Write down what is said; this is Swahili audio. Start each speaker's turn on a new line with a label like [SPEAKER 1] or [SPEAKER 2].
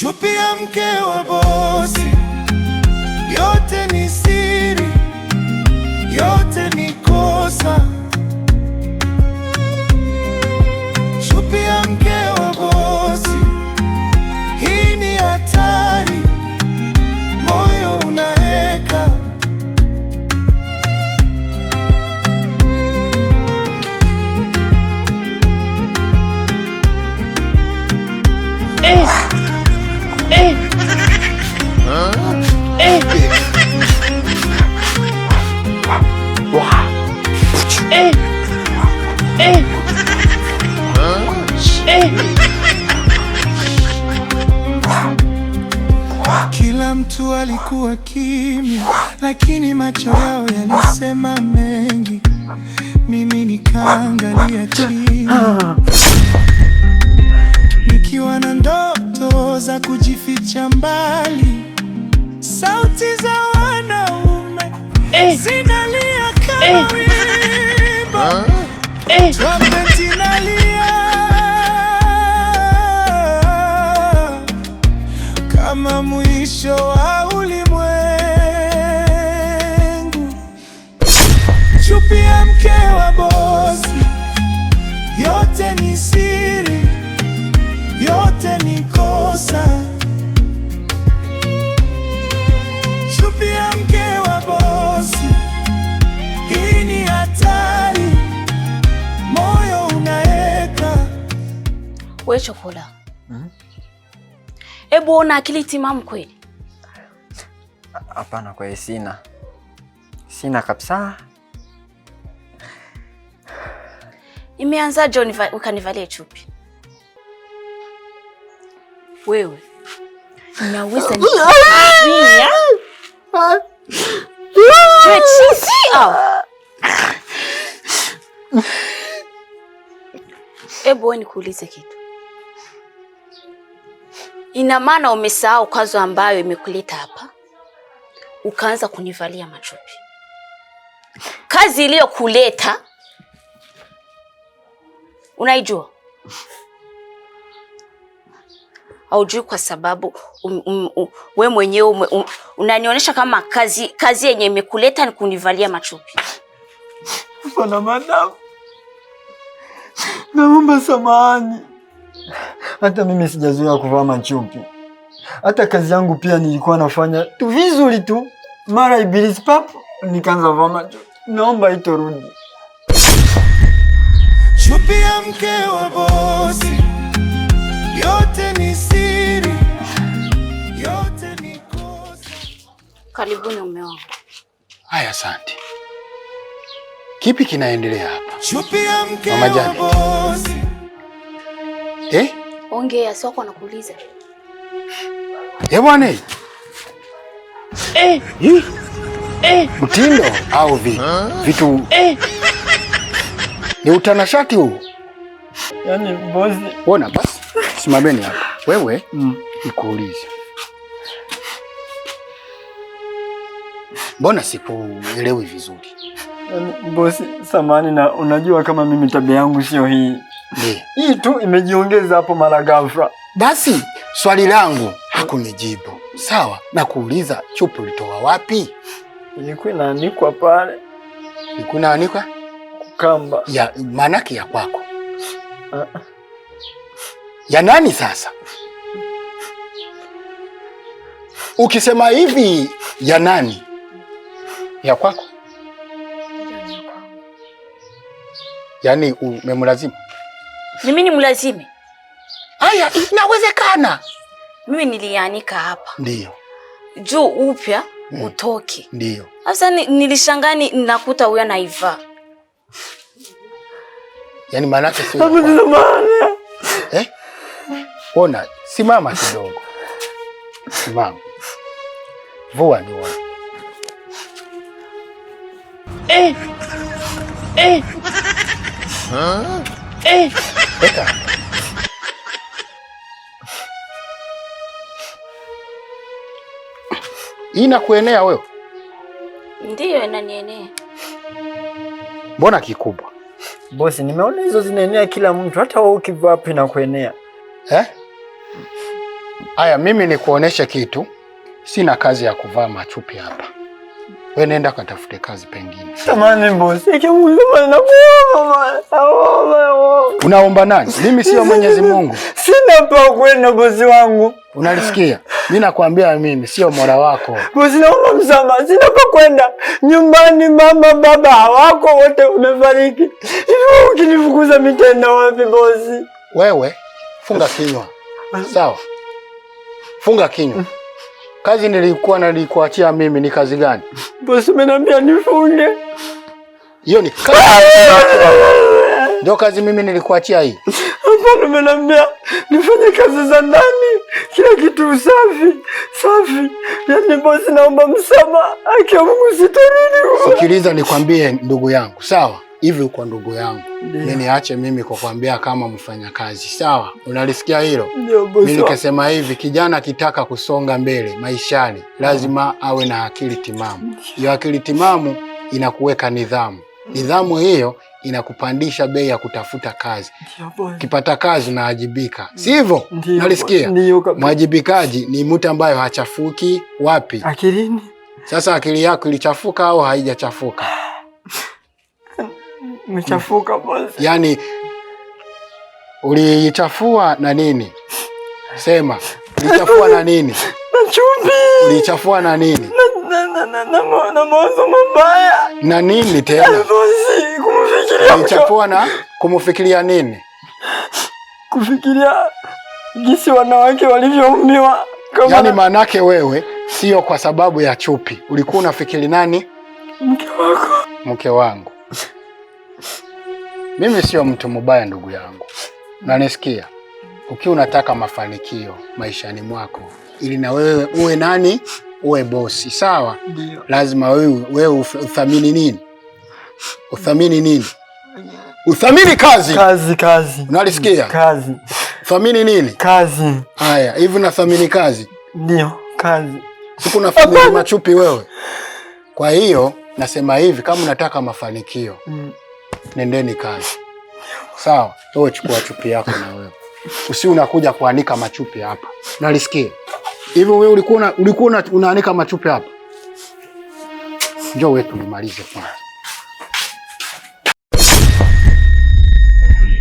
[SPEAKER 1] chupi ya mke wa bosi walikuwa kimya, lakini macho yao yalisema mengi. Mimi nikaangalia chini nikiwa na ndoto za kujificha mbali. Sauti za wanaume eh. zinalia kama eh. makosa. Chupi ya mke wa bosi, hii ni hatari, moyo unaeka.
[SPEAKER 2] We Chokola, hmm? Ebu ona akili timamu kweli?
[SPEAKER 3] Hapana, kweli sina, sina kabisa.
[SPEAKER 2] Imeanza John ukanivalia chupi wewe naweza nikutumia Hebu wewe nikuulize kitu, ina maana umesahau kazi ambayo imekuleta hapa ukaanza kunivalia machupi? Kazi iliyokuleta unaijua? haujui kwa sababu um, um, um, we mwenyewe um, unanionyesha kama kazi kazi yenye imekuleta ni kunivalia machupi.
[SPEAKER 4] Bwana madamu, naomba samahani. Hata mimi sijazoea kuvaa machupi, hata kazi yangu pia nilikuwa nafanya tu vizuri tu, mara ibilisi papo nikaanza vaa machupi. Naomba itorudi chupi ya mke wa bosi
[SPEAKER 2] yote ni siri, yote ni kosa. Karibuni mume wangu.
[SPEAKER 3] Haya, asante. Kipi kinaendelea hapa? Chupi ya mke Mama Jane. Eh?
[SPEAKER 2] Ongea, si wako anakuuliza. Eh, bwana. Eh.
[SPEAKER 3] Eh. Mtindo au vi? Vitu. Eh. Ni utanashati huu.
[SPEAKER 4] yani, bosi.
[SPEAKER 3] Ona basi. Simameni hapa. Wewe mm. nikuulize, mbona sikuelewi vizuri?
[SPEAKER 4] Eh, bosi, samani na unajua kama mimi tabia yangu sio hii. Hii tu imejiongeza hapo mara ghafla.
[SPEAKER 3] Basi swali langu hakunijibu. Sawa, nakuuliza chupa ulitoa wapi?
[SPEAKER 4] Ilikuwa inaanikwa pale.
[SPEAKER 3] Ilikuwa inaanikwa kamba Ya maanake ya kwako. Ah, ah ya nani sasa? Ukisema hivi ya nani? Ya kwako? Yaani umemlazimu?
[SPEAKER 2] Ni mimi nimlazime?
[SPEAKER 3] Haya, inawezekana.
[SPEAKER 2] Mimi nilianika hapa ndio juu upya mm, utoke ndio. Sasa nilishangani nakuta huyo anaivaa,
[SPEAKER 3] yaani maana yake sio Ona, simama kidogo, simama, vua ndio
[SPEAKER 2] eh, eh. Eh.
[SPEAKER 3] Ina kuenea wewe?
[SPEAKER 2] Ndiyo, inanienea.
[SPEAKER 3] Mbona kikubwa
[SPEAKER 4] bosi? Nimeona hizo zinaenea kila mtu, hata wewe ukivaa na kuenea
[SPEAKER 3] eh? Haya, mimi kuonesha kitu, sina kazi ya kuvaa machupi hapa. We nenda katafute kazi pengine.
[SPEAKER 4] Samani boss.
[SPEAKER 3] Unaomba nani? Mimi sio Mwenyezi Mungu.
[SPEAKER 4] Sina pa kwenda bosi wangu.
[SPEAKER 3] Unalisikia? Mimi nakwambia mimi sio mola wako.
[SPEAKER 4] Bosi, naomba msamaha, sina pa kwenda. Nyumbani mama baba hawako wote umefariki Hivi ukinifukuza mitaenda wapi bosi?
[SPEAKER 3] Wewe funga kinywa. Sawa. Funga kinywa. Kazi nilikuwa nalikuachia mimi ni kazi gani?
[SPEAKER 4] Bosi ameniambia nifunge.
[SPEAKER 3] Hiyo ni kazi. Ndio kazi mimi nilikuachia hii.
[SPEAKER 4] Hapana, ameniambia nifanye kazi za ndani, kila kitu usafi, safi. Yaani bosi, naomba msamaha, akiwa Mungu sitarudi.
[SPEAKER 3] Sikiliza nikwambie ndugu yangu, sawa? hivi kwa ndugu yangu yeah. Niache mimi kwa kuambia kama mfanyakazi sawa, unalisikia hilo? Mimi nikasema hivi, kijana akitaka kusonga mbele maishani lazima mm. awe na akili timamu. Hiyo akili timamu inakuweka nidhamu, nidhamu hiyo inakupandisha bei ya kutafuta kazi. Kipata kazi unawajibika, sivyo? Nalisikia mwajibikaji ni mtu ambaye hachafuki wapi? Akilini. Sasa akili yako ilichafuka au haijachafuka?
[SPEAKER 4] Nimechafuka boss.
[SPEAKER 3] Yaani uliichafua na nini? Sema, ulichafua na nini? Na chumvi. Ulichafua na nini?
[SPEAKER 4] Na na na na na mawazo mabaya.
[SPEAKER 3] Na nini tena? Yaani
[SPEAKER 4] kumfikiria.
[SPEAKER 3] Ulichafua na kumfikiria nini?
[SPEAKER 4] Kufikiria jinsi wanawake walivyoumiwa.
[SPEAKER 3] Kama yaani manake wewe sio kwa sababu ya chupi. Ulikuwa unafikiri nani?
[SPEAKER 4] Mke wako.
[SPEAKER 3] Mke wangu. Mimi sio mtu mubaya ndugu yangu, unanisikia? Ukiwa unataka mafanikio maishani mwako, ili na wewe uwe nani, uwe bosi, sawa? Lazima wewe wewe uthamini nini? Uthamini nini? Uthamini kazi,
[SPEAKER 4] kazi, kazi. Unalisikia? Kazi.
[SPEAKER 3] Thamini nini?
[SPEAKER 4] Kazi.
[SPEAKER 3] Haya, hivi nathamini kazi?
[SPEAKER 4] Ndio, kazi.
[SPEAKER 3] Siku nathamini machupi wewe. Kwa hiyo nasema hivi, kama unataka mafanikio mm nendeni kazi. Sawa, wewe chukua chupi yako na wewe usi unakuja kuanika machupi hapa, nalisikia hivyo. Wewe ulikuwa ulikuwa unaanika machupi hapa? Njoo wetu nimalize kwanza.